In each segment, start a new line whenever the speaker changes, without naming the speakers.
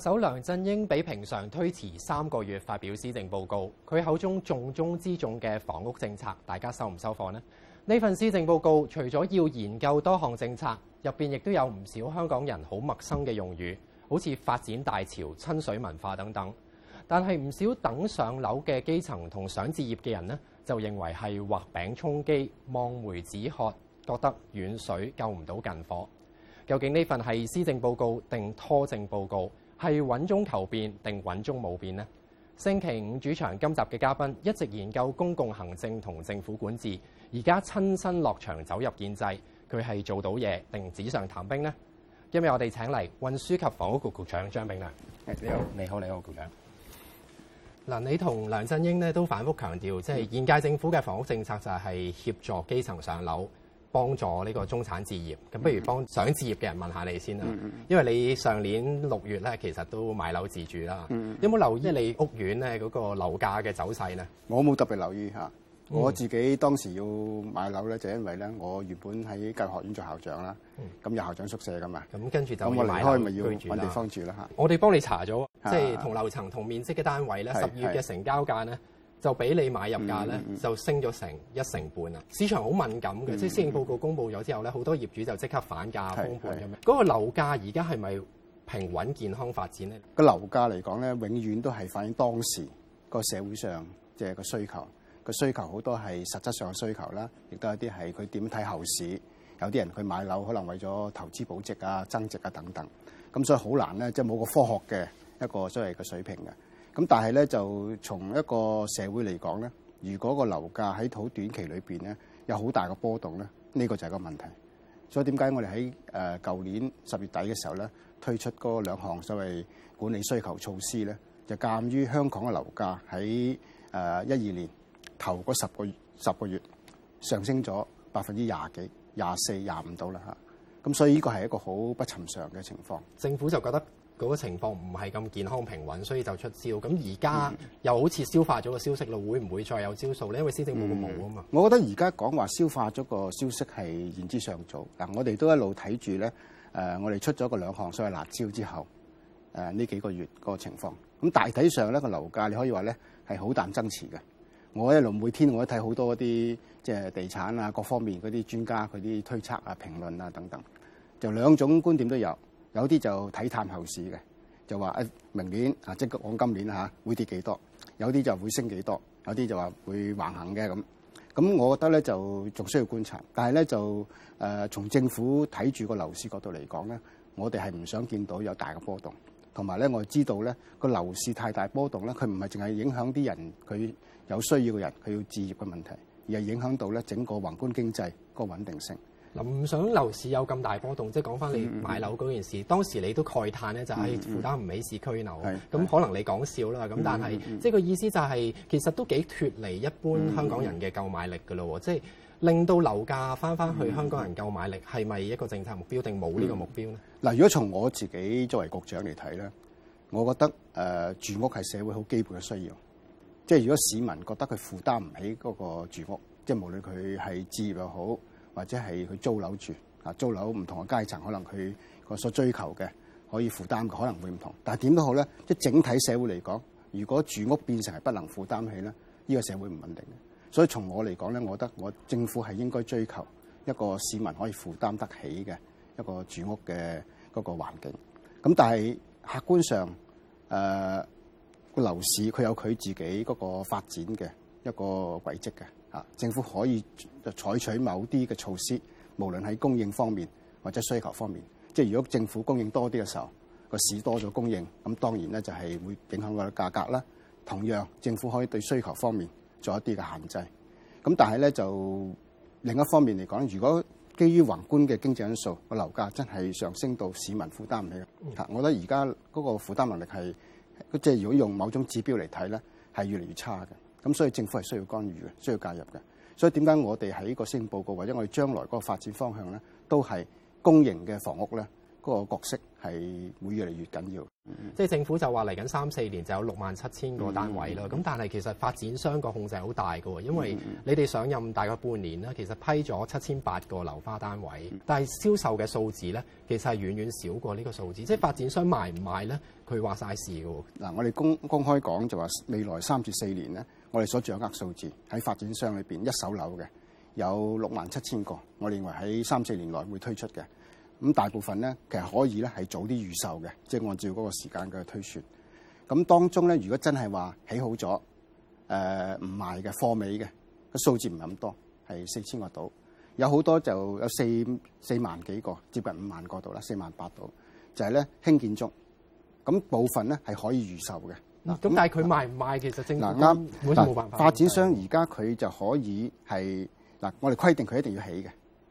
特首梁振英比平常推遲三個月發表施政報告。佢口中重中之重嘅房屋政策，大家收唔收貨呢？呢份施政報告除咗要研究多項政策，入邊亦都有唔少香港人好陌生嘅用語，好似發展大潮、親水文化等等。但係唔少等上樓嘅基層同想置業嘅人呢，就認為係畫餅充飢、望梅止渴，覺得遠水救唔到近火。究竟呢份係施政報告定拖政報告？係穩中求變定穩中冇變呢？星期五主場，今集嘅嘉賓一直研究公共行政同政府管治，而家親身落場走入建制，佢係做到嘢定紙上談兵呢？今日我哋請嚟運輸及房屋局局長張炳良。你好你好，你好，局長。嗱、嗯、你同梁振英咧都反覆強調，即係現屆政府嘅房屋政策就係協助基層上樓。幫助呢個中產置業，咁不如幫想置業嘅人問下你先啦、嗯嗯嗯。因為你上年六月咧，其實都買樓自住啦、嗯嗯。有冇留意你屋苑咧嗰個樓價嘅走勢咧？
我冇特別留意、嗯、我自己當時要買樓咧，就因為咧我原本喺教育學院做校長啦，咁、嗯、有校長宿舍噶嘛。咁
跟住就我離開咪要揾地方住啦。我哋幫你查咗，
即係同樓
層同面積嘅單位咧，十月嘅成交價咧。就俾你買入價咧，就升咗成一成半啊、嗯嗯！市場好敏感嘅、嗯嗯，即係施政報告公佈咗之後咧，好、嗯、多業主就即刻反價封盤咁樣。嗰、那個樓價而家係咪平穩健康發展咧？
個樓價嚟講咧，永遠都係反映當時個社會上嘅個需求。個需求好多係實質上嘅需求啦，亦都有啲係佢點睇後市。有啲人佢買樓可能為咗投資保值啊、增值啊等等。咁所以好難咧，即係冇個科學嘅一個所謂嘅水平嘅。咁但係咧，就從一個社會嚟講咧，如果個樓價喺好短期裏邊咧，有好大嘅波動咧，呢、呢個就係個問題。所以點解我哋喺誒舊年十月底嘅時候咧，推出嗰兩項所謂管理需求措施咧，就鑑於香港嘅樓價喺誒一二年頭嗰十個十個月上升咗百分之廿幾、廿四、廿五到啦嚇。咁所以呢個係一個好不尋常嘅情況。政府就覺得。嗰個情況唔係咁健康平穩，
所以就出招。咁而家又好似消化咗個消息咯，會唔會再有招數咧？因為施政報告冇啊嘛。
我覺得而家講話消化咗個消息係言之尚早。嗱，我哋都一路睇住咧，誒，我哋出咗個兩項所謂辣招之後，誒，呢幾個月個情況，咁大體上咧個樓價你可以話咧係好淡增持嘅。我一路每天我都睇好多啲即係地產啊各方面嗰啲專家佢啲推測啊評論啊等等，就兩種觀點都有。有啲就睇探後市嘅，就話明年啊，即講今年嚇會跌幾多？有啲就會升幾多？有啲就話會橫行嘅咁。咁我覺得咧就仲需要觀察，但係咧就誒從政府睇住個樓市角度嚟講咧，我哋係唔想見到有大嘅波動。同埋咧，我知道咧個樓市太大波動咧，佢唔係淨係影響啲人佢有需要嘅人佢要置業嘅問題，而係影響到咧整個宏觀經濟個穩定性。
唔想樓市有咁大波動，即係講翻你買樓嗰件事、嗯。當時你都慨嘆咧，就係負擔唔起市區樓。咁、嗯嗯、可能你講笑啦。咁、嗯、但係、嗯、即係個意思就係、是、其實都幾脫離一般香港人嘅購買力㗎咯。即、嗯、係、就是、令到樓價翻翻去、嗯、香港人購買力係咪一個政策目標？
定冇呢個目標咧？嗱，如果從我自己作為局長嚟睇咧，我覺得誒、呃、住屋係社會好基本嘅需要。即係如果市民覺得佢負擔唔起嗰個住屋，即係無論佢係置業又好。或者係佢租樓住啊，租樓唔同嘅階層，可能佢個所追求嘅可以負擔嘅可能會唔同。但係點都好咧，即係整體社會嚟講，如果住屋變成係不能負擔起咧，依、呢個社會唔穩定嘅。所以從我嚟講咧，我覺得我政府係應該追求一個市民可以負擔得起嘅一個住屋嘅嗰個環境。咁但係客觀上，誒、呃、個樓市佢有佢自己嗰個發展嘅一個軌跡嘅。啊！政府可以就採取某啲嘅措施，無論喺供應方面或者需求方面，即係如果政府供應多啲嘅時候，個市多咗供應，咁當然咧就係會影響個價格啦。同樣，政府可以對需求方面做一啲嘅限制。咁但係咧就另一方面嚟講，如果基於宏觀嘅經濟因素，個樓價真係上升到市民負擔唔起嘅。嚇！我覺得而家嗰個負擔能力係，即係如果用某種指標嚟睇咧，係越嚟越差嘅。咁所以政府係需要干預嘅，需要介入嘅。所以點解我哋喺個施政報告或者我哋將來嗰個發展方向咧，都係公營嘅房屋咧？嗰、那個角色係會越嚟越緊要，即係政府就話嚟緊三
四年就有六萬七千個單位啦。咁但係其實發展商個控制好大嘅喎，因為你哋上任大概半年啦，其實批咗七千八個樓花單位，但係銷售嘅數字咧，其實係遠遠少過呢個數字，即係發展商賣唔賣咧？佢話晒事嘅喎。
嗱，我哋公公開講就話未來三至四年咧，我哋所掌握數字喺發展商裏邊一手樓嘅有六萬七千個，我認為喺三四年內會推出嘅。咁大部分咧，其實可以咧係早啲預售嘅，即係按照嗰個時間嘅推算。咁當中咧，如果真係話起好咗，誒、呃、唔賣嘅貨尾嘅個數字唔係咁多，係四千個到。有好多就有四四萬幾個，接近五萬個度啦，四萬八度，就係咧興建中。咁部分咧係可以預售嘅。
嗱、嗯，咁、嗯、但係佢賣唔賣其實政府唔會冇辦法。發
展商而家佢就可以係嗱、嗯，我哋規定佢一定要起嘅。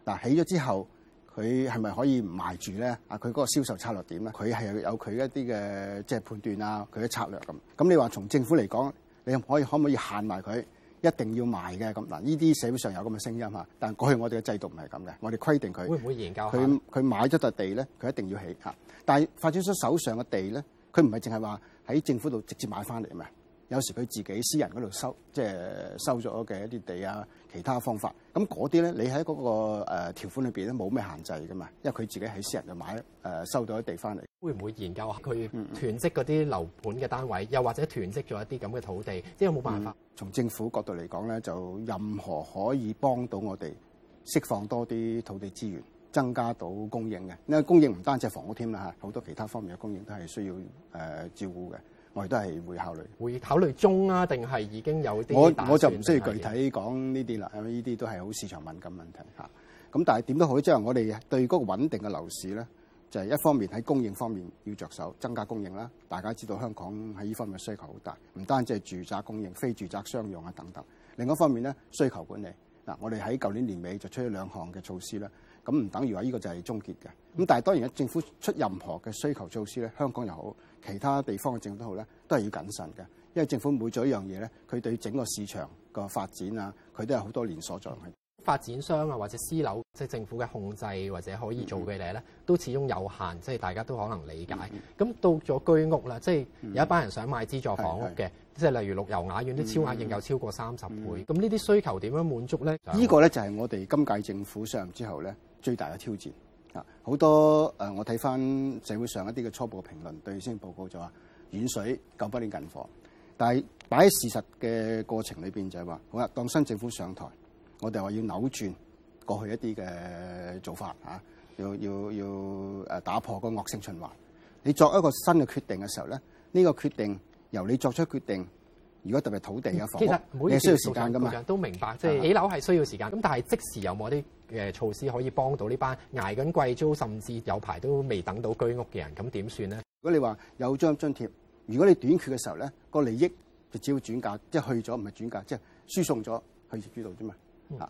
嗱、嗯，起咗之後。佢係咪可以賣住咧？啊，佢嗰個銷售策略點咧？佢係有佢一啲嘅即係判斷啊，佢嘅策略咁、啊。咁你話從政府嚟講，你可可以可唔可以限埋佢一定要賣嘅咁？嗱，呢啲社會上有咁嘅聲音嚇，但過去我哋嘅制度唔係咁嘅，我哋規定佢，會唔會研究？佢佢買咗笪地咧，佢一定要起嚇。但係發展商手上嘅地咧，佢唔係淨係話喺政府度直接買翻嚟咩？有時佢自己私人嗰度收，即、就、係、是、收咗嘅一啲地啊，其他方法咁嗰啲咧，你喺嗰個誒條款裏邊咧冇咩限制㗎嘛，因為佢自己喺私人度買誒收到一地翻嚟，
會唔會研究下佢囤積嗰啲樓盤嘅單位、嗯，又或者囤積咗一啲咁嘅土地？即係冇辦法、嗯，
從政府角度嚟講咧，就任何可以幫到我哋釋放多啲土地資源，增加到供應嘅。因為供應唔單隻房屋添啦嚇，好多其他方面嘅供應都係需要誒、呃、照顧嘅。我哋都係會考慮，會考慮
中啊？定係已經有啲我我就唔需要具體
講呢啲啦，因為呢啲都係好市場敏感問題嚇。咁，嗯，但係點都好，即係我哋對嗰個穩定嘅樓市咧，就係一方面喺供應方面要着手增加供應啦。大家知道香港喺呢方面嘅需求好大，唔單止係住宅供應、非住宅商用啊等等。另一方面咧，需求管理嗱，我哋喺舊年年尾就出咗兩項嘅措施啦。咁唔等於話呢個就係終結嘅。咁但係當然，政府出任何嘅需求措施咧，香港又好，其他地方嘅政府都好咧，都係要謹慎嘅，因為政府每做一樣嘢咧，佢對整個市場個發展啊，佢都有好多連鎖作用。
發展商啊，或者私樓即係政府嘅控制或者可以做嘅嘢咧，嗯嗯都始終有限，即係大家都可能理解。咁、嗯嗯、到咗居屋啦，即、就、係、是、有一班人想買資助房屋嘅，即、嗯、係例如綠悠雅苑啲超額應有超過三十倍。咁呢啲需求點樣滿足咧？依、這個咧就
係我哋今屆政府上任之後咧最大嘅挑戰。啊！好多誒我睇翻社會上一啲嘅初步嘅評論，對先報告就話遠水救不到近火，但係擺喺事實嘅過程裏面、就是，就係話好啦，當新政府上台，我哋話要扭轉過去一啲嘅做法嚇，要要要誒打破個惡性循環。你作一個新嘅決定嘅時候咧，呢、這個決定由你作出決定。如果特別土地嘅房屋，其實唔好你需要時間㗎嘛？
都明白，即係起樓係需要時間。咁但係即時有冇一啲誒措施可以幫到呢班捱緊貴租，甚至
有排都未等到居屋嘅人？咁點算咧？如果你話有張津貼，如果你短缺嘅時候咧，個利益就只要轉嫁，即係去咗唔係轉嫁，即係輸送咗去業主度啫嘛。啊、嗯，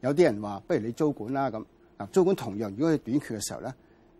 有啲人話不如你租管啦咁。嗱，租管同樣，如果你短缺嘅時候咧，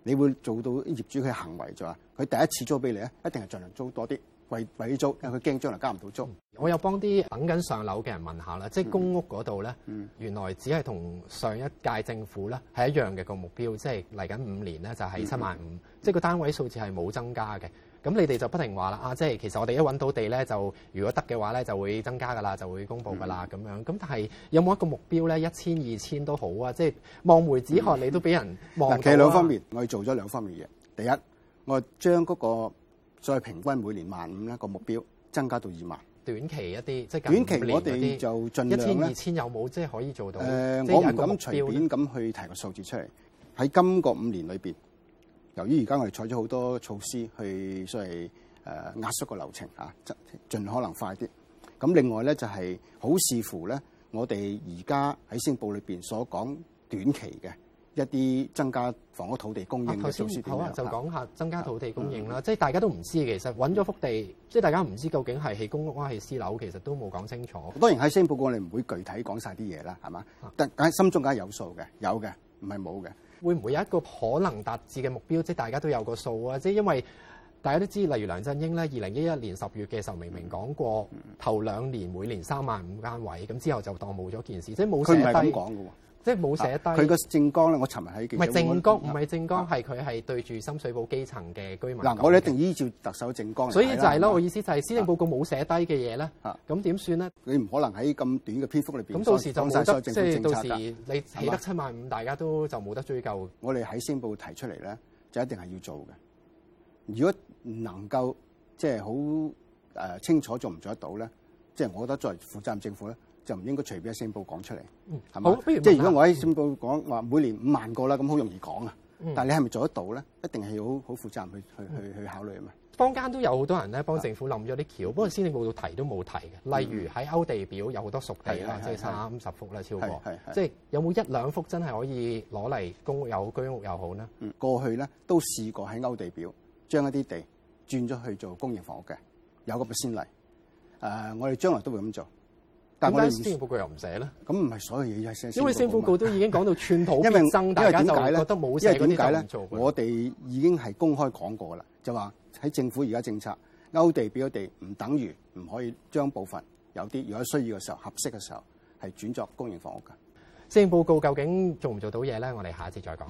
你會做到業主嘅行為就話，佢第一次租俾你咧，一定係盡量租多啲。貴貴租，因為佢驚將來交唔
到租。我又幫啲等緊上樓嘅人問下啦、嗯，即係公屋嗰度咧，原來只係同上一屆政府咧係一樣嘅，就是嗯嗯啊嗯、個目標，即係嚟緊五年咧就係七萬五，即係個單位數字係冇增加嘅。咁你哋就不停話啦，啊，即係其實我哋一揾到地咧，就如果得嘅話咧就會增加噶啦，就會公布噶啦咁樣。咁但係有冇一個目標咧？一千二千都好啊，即係望梅止渴，嗯，你都俾人望到。其實兩方面，
我哋做咗兩方面嘢。第一，我將嗰，那個。再平均每年萬五一個目標，增加到二萬。短期一啲，即、
就、係、是、短期，我哋就盡量一千二千有冇即係可以做到？誒、呃就是，我唔敢隨便
咁去提個數字出嚟。喺今個五年裏邊，由於而家我哋採咗好多措施去所謂，所以誒壓縮個流程啊，盡可能快啲。咁另外咧就係、是、好視乎咧，我哋而家喺星報裏邊所講短期嘅。一啲增加房屋土地供應，嘅措施好啊，好好就講
下增加土地供應啦、啊嗯。即係大家都唔知，其實揾咗幅地，即係大家唔知究竟係起公屋啊，係私樓，其實都冇講清楚。當然喺施
政報告，你唔會具體講晒啲嘢啦，係嘛、啊？但係心中梗係有數嘅，有嘅，唔係冇嘅。會唔會有一個可能
達至嘅目標？即係大家都有個數啊！即係因為大家都知例如梁振英咧，二零一一年十月嘅時候，明明講過頭兩年每年三萬五間位，咁之後就當冇咗件
事，即冇。佢
即係冇寫低佢個、
啊、政綱咧，我尋日喺唔係政綱，唔
係政綱，係佢係對住深水埗基層嘅居民。嗱、啊，我哋
一定依照特首政綱，所以就係咧、啊，我意思
就係施政報告冇寫低嘅嘢咧，
咁點算咧？你、啊、唔可能喺咁短嘅篇幅裏邊，咁到時就冇，即到時
你起得七萬五、啊，大家都就冇得追究。
我哋喺施政報告提出嚟咧，就一定係要做嘅。如果唔能夠即係好誒清楚做唔做得到咧，即、就、係、是、我覺得作為負責任政府咧。就唔應該隨便、嗯、施政報告講出嚟，係咪？即係如果我喺施政報告講話每年五萬個啦，咁好容易講啊、嗯！但係你係咪做得到咧？一定係要好好負責去去去、嗯、去考慮啊嘛。
坊間都有好多人咧幫政府諗咗啲橋，不過施政報告提都冇提嘅。例如喺勾地表有好多熟地啦、嗯，即係三十幅
啦、嗯、超過，即係有冇一兩幅真係可以攞嚟公屋有居屋又好咧、嗯？過去咧都試過喺勾地表將一啲地轉咗去做公營房屋嘅，有個先例。誒、呃，我哋將來都會咁做。
咁但係施政報
告又唔寫啦。咁唔係所有嘢都係寫。因為施政報告都已經講到寸土必爭，因為，因為，點解呢？大家就覺得冇嘢做了。因為嗰啲咧，我哋已經係公開講過啦，就話喺政府而家政策，勾地俾咗地，唔等於唔可以將部分有啲，如果需要嘅時候，合適嘅時候，係轉作公營房屋嘅。施政報告究竟做唔做到嘢咧？我哋下一節再講。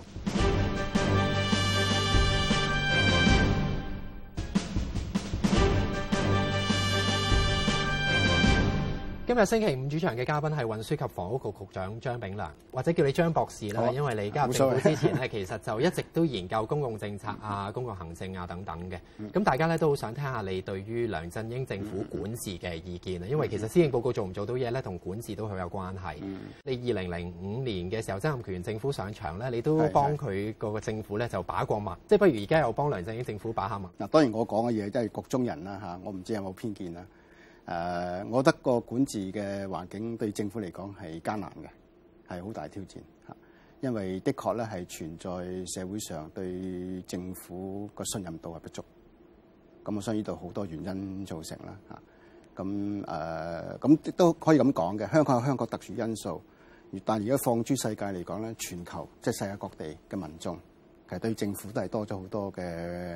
今日星期五主場嘅嘉賓係運輸及房屋局局局長張炳良，或者叫你張博士啦、哦，因為你加入政府之前咧，其實就一直都研究公共政策啊、嗯、公共行政啊等等嘅。咁、嗯嗯、大家咧都好想聽下你對於梁振英政府管治嘅意見啊、嗯，因為其實施政報告做唔做到嘢咧，同管治都好有關係、嗯、你二零零五年嘅時候，曾蔭權政府上場咧，你都幫佢個個政府咧就把過脈，即係不如而家又幫梁振英政府把下脈。
嗱，當然我講嘅嘢都係局中人啦嚇，我唔知有冇偏見啦。誒、uh，我覺得個管治嘅環境對政府嚟講係艱難嘅，係好大挑戰嚇。因為的確咧，係存在社會上對政府個信任度係不足。咁我相信呢度好多原因造成啦嚇。咁誒，咁、uh, 都可以咁講嘅。香港有香港特殊因素，但而家放諸世界嚟講咧，全球即係、就是、世界各地嘅民眾，其實對政府都係多咗好多嘅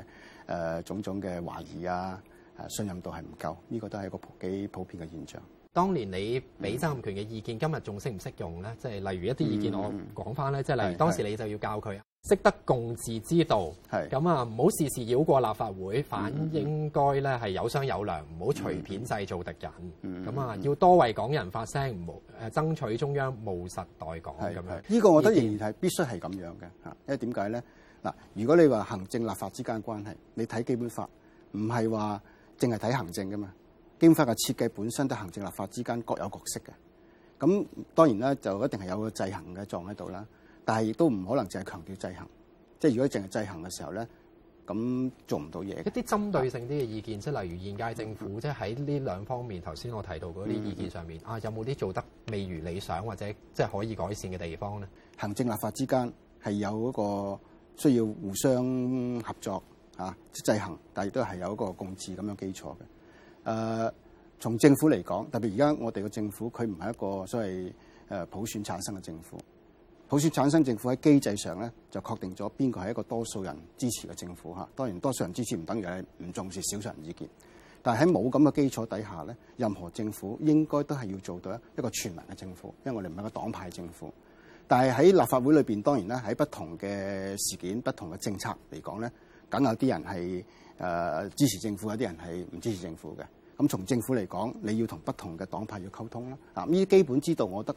誒、呃、種種嘅懷疑啊！誒信任度係唔夠，呢、這個都係一個幾普遍嘅現象。
當年你俾曾蔭權嘅意見，mm -hmm. 今日仲適唔適用咧？即係例如一啲意見我講，我講翻咧，即係例如當時你就要教佢識、
mm -hmm. 得共治
之道，係咁啊，唔好事事繞過立法會、mm -hmm. 反，應該咧係有商有
量，唔好隨便製造敵人。咁、mm、啊 -hmm.，
要多為港人發聲，無誒爭取中
央務實待港咁、mm -hmm. 樣。呢、mm -hmm. 個我覺得仍然係必須係咁樣嘅嚇，因為點解咧嗱？如果你話行政立法之間嘅關係，你睇基本法唔係話。不是說淨係睇行政㗎嘛？經法嘅設計本身，都係行政立法之間各有角色嘅。咁當然啦，就一定係有個制衡嘅作用喺度啦。但係亦都唔可能淨係強調制衡，即係如果淨係制衡嘅時候咧，咁做唔到嘢。一啲
針對性啲嘅意見，即係例如現屆政府，嗯、即係喺呢兩方面，頭先我提到嗰啲意見上面、嗯，啊，有冇啲做得未如理想，或
者即係可以改善嘅地方咧？行政立法之間係有嗰個需要互相合作。啊！即制衡，但亦都係有一個共治咁樣基礎嘅。誒、呃，從政府嚟講，特別而家我哋嘅政府，佢唔係一個所謂誒普選產生嘅政府。普選產生政府喺機制上咧，就確定咗邊個係一個多數人支持嘅政府。嚇，當然多數人支持唔等於係唔重視少數人意見。但係喺冇咁嘅基礎底下咧，任何政府應該都係要做到一個全民嘅政府，因為我哋唔係一個黨派政府。但係喺立法會裏邊，當然啦，喺不同嘅事件、不同嘅政策嚟講咧。梗有啲人係誒支持政府，有啲人係唔支持政府嘅。咁從政府嚟講，你要同不同嘅黨派要溝通啦。啊，呢啲基本之道，我覺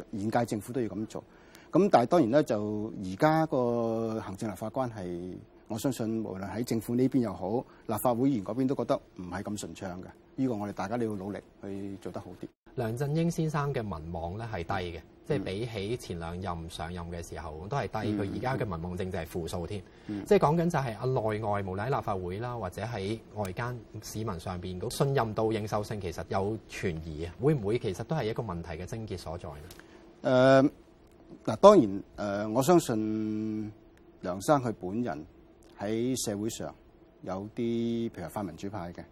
得現屆政府都要咁做。咁但係當然咧，就而家個行政立法關係，我相信無論喺政府呢邊又好，立法會議員嗰邊都覺得唔係咁順暢嘅。呢個我哋大家都要努力去做得好啲。
梁振英先生嘅民望咧，係低嘅。即係比起前兩任上任嘅時候，都係低。佢而家嘅民望淨就係負數添。即係講緊就係啊，內外無論喺立法會啦、嗯，或者喺外間市民上邊信任度、認受性，其實有存疑啊。會唔會其實都係一個問題嘅症結所在呢？誒、呃、
嗱，當然誒、呃，我相信梁生佢本人喺社會上有啲譬如泛民主派嘅，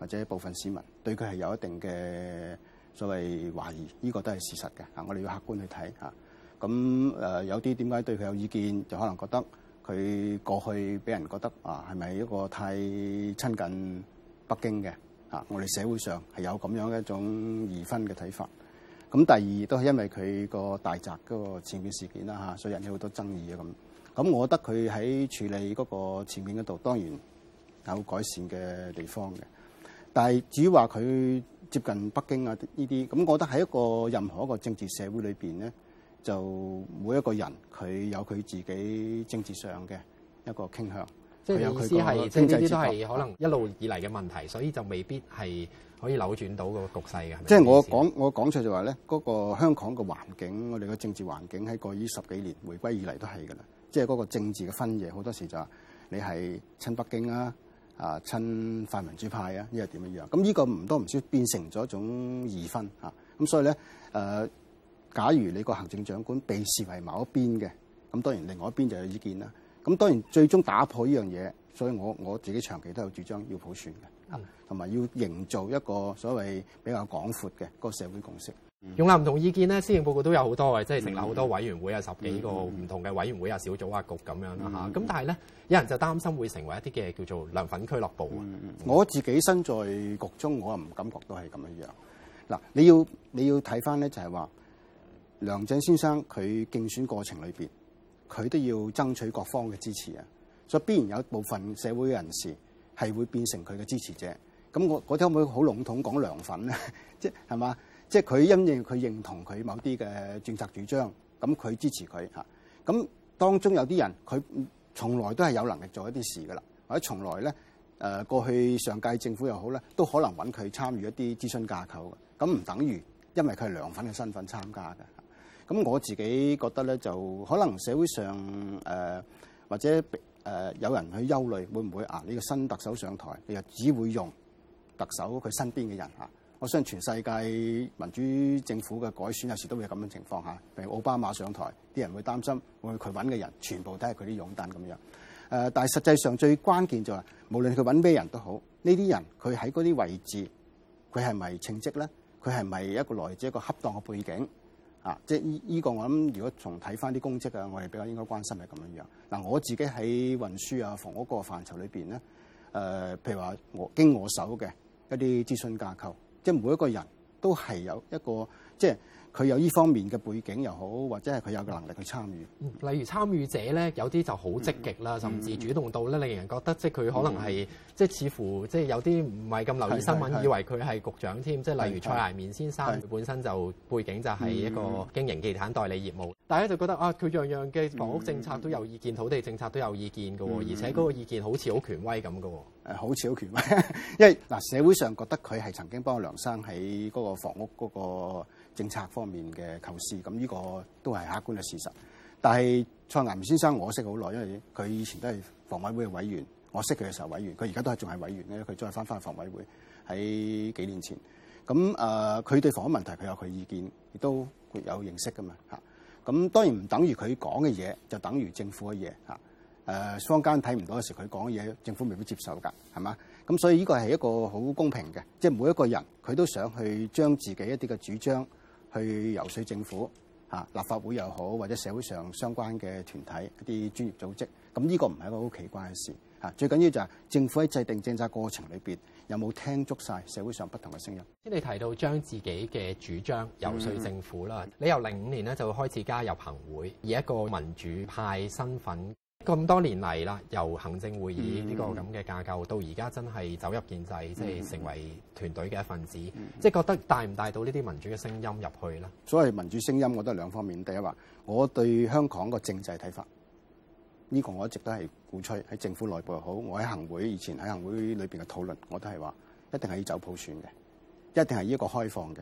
或者部分市民對佢係有一定嘅。所謂懷疑，呢個都係事實嘅嚇，我哋要客觀去睇嚇。咁誒有啲點解對佢有意見，就可能覺得佢過去俾人覺得啊，係咪一個太親近北京嘅嚇？我哋社會上係有咁樣一種疑憤嘅睇法。咁第二都係因為佢個大宅嗰個前面事件啦嚇，所以引起好多爭議啊咁。咁我覺得佢喺處理嗰個前面嗰度，當然有改善嘅地方嘅。但係至於話佢接近北京啊呢啲，咁我覺得喺一個任何一個政治社會裏邊咧，就每一個人佢有佢自己政治上嘅一個傾向。即係意思係，即係呢啲都係可能一路以嚟嘅問題，所以就
未必係可以扭轉到個局勢嘅。即係我
講我講出就話咧，嗰個香港嘅環境，我哋嘅政治環境喺過去十幾年回歸以嚟都係㗎啦。即係嗰個政治嘅分野，好多時就話你係親北京啊。啊，親泛民主派啊，呢個點樣樣？咁呢個唔多唔少變成咗一種二分嚇、啊。咁所以咧，誒、呃，假如你個行政長官被視為某一邊嘅，咁當然另外一邊就有意見啦。咁當然最終打破呢樣嘢，所以我我自己長期都有主張要普選嘅嚇，同埋要營造一個所謂比較廣闊嘅個社會共識，用納唔同意見咧，施政報告都有好
多嘅，即係成立好多委員會啊、嗯，十幾個唔同嘅委員會啊、小組啊、局咁樣啊嚇。咁、嗯嗯、但係咧，有人就擔心會成為一啲嘅叫做梁粉俱樂部、嗯嗯。
我自己身在局中，我又唔感覺到係咁樣樣。嗱，你要你要睇翻咧，就係話梁振先生佢競選過程裏邊，佢都要爭取各方嘅支持啊，所以必然有部分社會人士係會變成佢嘅支持者。咁我我可唔可以好籠統講梁粉咧？即係係嘛？即係佢因應佢認同佢某啲嘅政策主張，咁佢支持佢嚇。咁當中有啲人，佢從來都係有能力做一啲事噶啦，或者從來咧誒、呃、過去上屆政府又好咧，都可能揾佢參與一啲諮詢架構嘅。咁唔等於因為佢係梁粉嘅身份參加嘅。咁我自己覺得咧，就可能社會上誒、呃、或者誒有人去憂慮，會唔會啊？呢個新特首上台，你就只會用特首佢身邊嘅人啊？我相信全世界民主政府嘅改選有時都會有咁樣嘅情況嚇，譬如奧巴馬上台，啲人會擔心會佢揾嘅人全部都係佢啲擁躉咁樣。誒，但係實際上最關鍵就係、是、無論佢揾咩人都好，呢啲人佢喺嗰啲位置佢係咪稱職咧？佢係咪一個來自一個恰當嘅背景啊？即係呢個我諗，如果從睇翻啲公職啊，我哋比較應該關心係咁樣樣嗱。我自己喺運輸啊、房屋嗰個範疇裏邊咧，誒、呃，譬如話我經我手嘅一啲諮詢架構。即係每一個人都係有一個，即係。佢有呢方面嘅背景又好，或者係佢有個能力去參與，
例如參與者咧，有啲就好積極啦，甚至主動到咧，令人覺得即係佢可能係、嗯、即係似乎即係有啲唔係咁留意新聞、嗯、以為佢係局長添。即、嗯、係、嗯、例如蔡涯棉先生，佢、嗯、本身就背景就係一個經營地產代理業務、嗯，大家就覺得啊，佢樣樣嘅房屋政策都有意見、嗯、土地政策都有意見
嘅、嗯，而且嗰個
意見好似好權威咁
嘅。誒、嗯、好似好權威，因為嗱社會上覺得佢係曾經幫梁生喺嗰個房屋嗰、嗰個。政策方面嘅構思，咁呢個都係客觀嘅事實。但係蔡顏文先生，我識好耐，因為佢以前都係房委會嘅委員，我識佢嘅時候委員，佢而家都係仲係委員咧。佢再翻翻去房委會喺幾年前。咁誒，佢、呃、對房屋問題佢有佢意見，亦都我有認識噶嘛嚇。咁當然唔等於佢講嘅嘢就等於政府嘅嘢嚇。誒、呃，坊間睇唔到嘅時候，佢講嘅嘢，政府未必接受㗎，係嘛？咁所以呢個係一個好公平嘅，即、就、係、是、每一個人佢都想去將自己一啲嘅主張。去游說政府，嚇立法會又好，或者社會上相關嘅團體一啲專業組織，咁呢個唔係一個好奇怪嘅事嚇。最緊要就係政府喺制定政策過程裏邊，有冇聽足晒社會上不同嘅聲音？
先你提到將自己嘅主張游說政府啦、嗯，你由零五年咧就會開始加入行會，以一個民主派身份。咁多年嚟啦，由行政會議呢個咁嘅架構、嗯、到而家，真係走入建制，嗯、即係成為團隊嘅一份子。嗯、即係覺得帶唔帶到呢啲民主嘅聲音入去啦。
所謂民主聲音，我都係兩方面。第一話，我對香港個政制睇法，呢、呢個我一直都係鼓吹喺政府內部又好，我喺行會以前喺行會裏邊嘅討論我都係話一定係要走普選嘅，一定係呢一個開放嘅，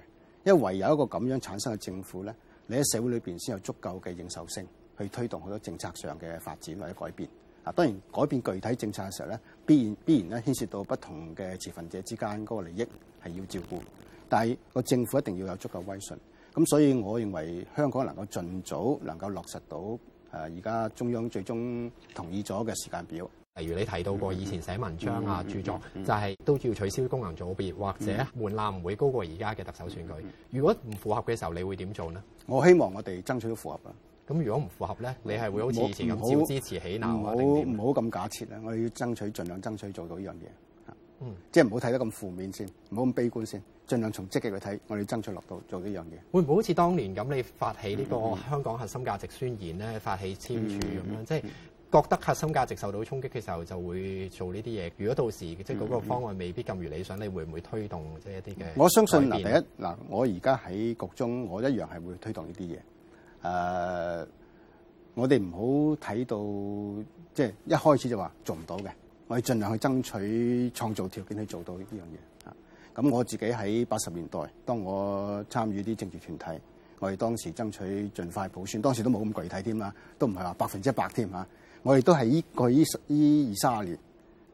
因為唯有一個咁樣產生嘅政府咧，你喺社會裏邊先有足夠嘅認受性。去推動好多政策上嘅發展或者改變啊！當然改變具體政策嘅時候咧，必然必然咧，牽涉到不同嘅持份者之間嗰個利益係要照顧，但係個政府一定要有足夠威信。咁所以，我認為香港能夠盡早能夠落實到誒而家中央最終同意咗嘅時間表。例如你提到過以前寫文章啊、mm -hmm.、著作，就係都要取消功能組別，或
者門檻唔會高過而家嘅特首選舉。如果唔符合嘅時候，你會點做呢？
我希望我哋爭取都符合。
咁如果唔符合咧，你係會好似以前咁支持起鬧啊？唔好
唔好咁假設啊！我要爭取，儘量爭取做到呢樣嘢。嗯，即係唔好睇得咁負面先，唔好咁悲觀先，儘量從積極去睇，我哋爭取落到做呢樣嘢。會唔會好似當年咁？你發起
呢個香港核心價值宣言咧，發起簽署咁樣、嗯嗯，即係覺得核心價值受到衝擊嘅時候，就會做呢啲嘢。如果到時即係嗰個方案未必咁如理想，你會唔會推動即係一啲嘅？我相信嗱，第一
嗱，我而家喺局中，我一樣係會推動呢啲嘢。誒，我哋唔好睇到，即係一開始就話做唔到嘅，我哋盡量去爭取創造條件去做到呢樣嘢。咁我自己喺八十年代，當我參與啲政治團體，我哋當時爭取盡快普選，當時都冇咁具體添啦，都唔係話百分之一百添吓。我哋都係依個依依二三十年，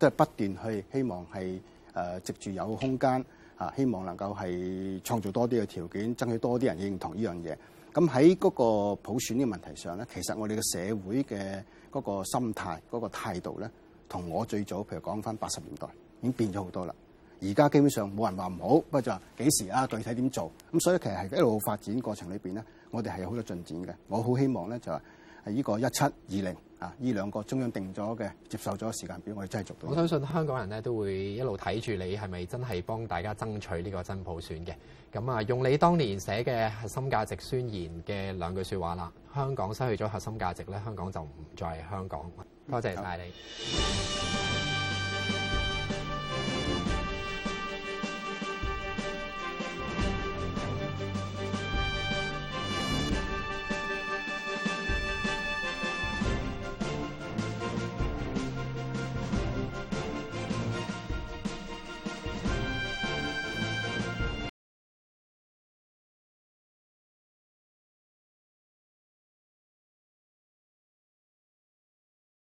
都係不斷去希望係誒，藉住有空間啊，希望能夠係創造多啲嘅條件，爭取多啲人認同呢樣嘢。咁喺嗰個普選嘅問題上咧，其實我哋嘅社會嘅嗰個心態、嗰、嗰個態度咧，同我最早譬如講翻八十年代已經變咗好多啦。而家基本上冇人話唔好，不過就話幾時啊，具體點做咁，所以其實係一路發展過程裏面咧，我哋係有好多進展嘅。我好希望咧就係、係、呢個一七二零。啊！呢兩個中央定咗嘅接受咗時間表，我哋真係做到的。我相
信香港人咧都會一路睇住你係咪真係幫大家爭取呢個真普選嘅。咁啊，用你當年寫嘅核心價值宣言嘅兩句說話啦。香港失去咗核心價值咧，香港就唔再係香港。多謝晒、嗯、你。